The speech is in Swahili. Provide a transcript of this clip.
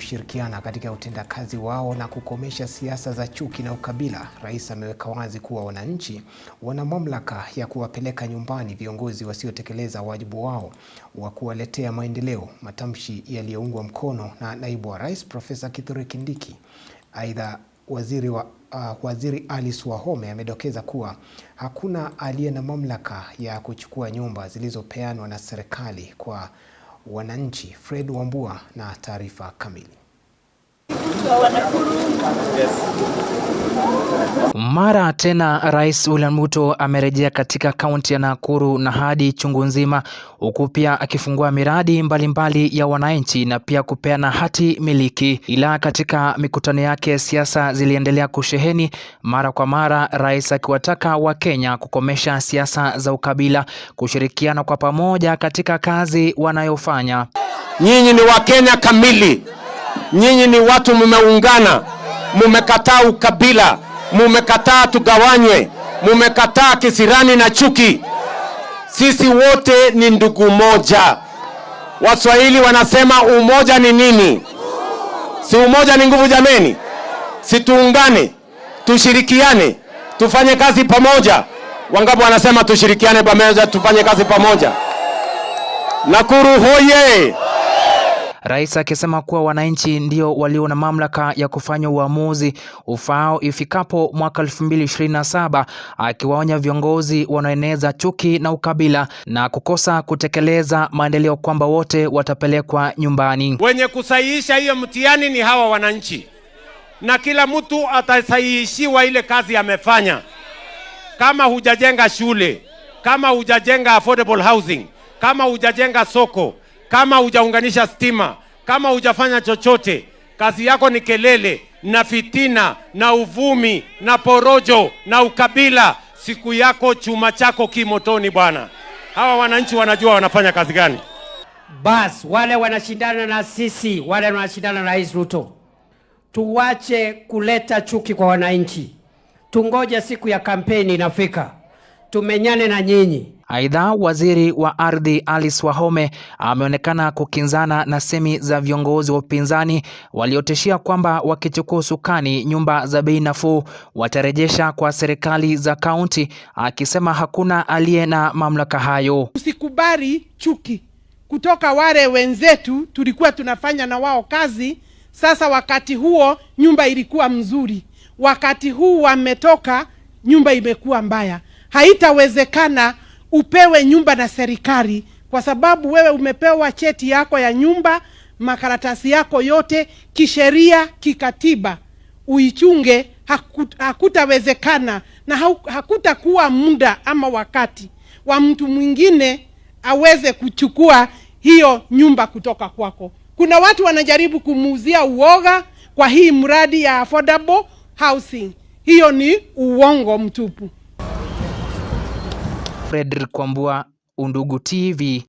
kushirikiana katika utendakazi wao na kukomesha siasa za chuki na ukabila. Rais ameweka wazi kuwa wananchi wana mamlaka ya kuwapeleka nyumbani viongozi wasiotekeleza wajibu wao wa kuwaletea maendeleo, matamshi yaliyoungwa mkono na naibu wa rais Profesa Kithure Kindiki. Aidha, waziri wa uh, waziri Alice Wahome amedokeza kuwa hakuna aliye na mamlaka ya kuchukua nyumba zilizopeanwa na serikali kwa wananchi. Fred Wambua na taarifa kamili. Mara tena Rais William Ruto amerejea katika kaunti ya Nakuru na hadi chungu nzima, huku pia akifungua miradi mbalimbali mbali ya wananchi na pia kupeana hati miliki. Ila katika mikutano yake, siasa ziliendelea kusheheni mara kwa mara, rais akiwataka Wakenya kukomesha siasa za ukabila, kushirikiana kwa pamoja katika kazi wanayofanya. Nyinyi ni Wakenya kamili. Nyinyi ni watu mumeungana, mumekataa ukabila, mumekataa tugawanywe, mumekataa kisirani na chuki. Sisi wote ni ndugu moja. Waswahili wanasema umoja ni nini? Si umoja ni nguvu jameni? Si tuungane, tushirikiane, tufanye kazi pamoja. wangapo wanasema tushirikiane pamoja, tufanye kazi pamoja? Nakuru hoye! rais akisema kuwa wananchi ndio walio na mamlaka ya kufanya uamuzi ufaao ifikapo mwaka 2027, akiwaonya viongozi wanaoeneza chuki na ukabila na kukosa kutekeleza maendeleo kwamba wote watapelekwa nyumbani. Wenye kusahihisha hiyo mtihani ni hawa wananchi, na kila mtu atasahihishiwa ile kazi amefanya. Kama hujajenga shule, kama hujajenga affordable housing, kama hujajenga soko kama hujaunganisha stima, kama hujafanya chochote, kazi yako ni kelele na fitina na uvumi na porojo na ukabila, siku yako chuma chako kimotoni bwana. Hawa wananchi wanajua wanafanya kazi gani. Bas, wale wanashindana na sisi, wale wanashindana na Rais Ruto, tuwache kuleta chuki kwa wananchi. Tungoje siku ya kampeni inafika, tumenyane na nyinyi. Aidha, waziri wa ardhi Alice Wahome ameonekana kukinzana na semi za viongozi wa upinzani waliotishia kwamba wakichukua usukani nyumba za bei nafuu watarejesha kwa serikali za kaunti, akisema hakuna aliye na mamlaka hayo. Usikubali chuki kutoka wale wenzetu, tulikuwa tunafanya na wao kazi. Sasa wakati huo nyumba ilikuwa mzuri, wakati huu wametoka, nyumba imekuwa mbaya, haitawezekana upewe nyumba na serikali, kwa sababu wewe umepewa cheti yako ya nyumba, makaratasi yako yote kisheria, kikatiba, uichunge. Hakutawezekana na hakutakuwa muda ama wakati wa mtu mwingine aweze kuchukua hiyo nyumba kutoka kwako. Kuna watu wanajaribu kumuuzia uoga kwa hii mradi ya affordable housing. Hiyo ni uongo mtupu. Fredrick Kwambua, Undugu TV.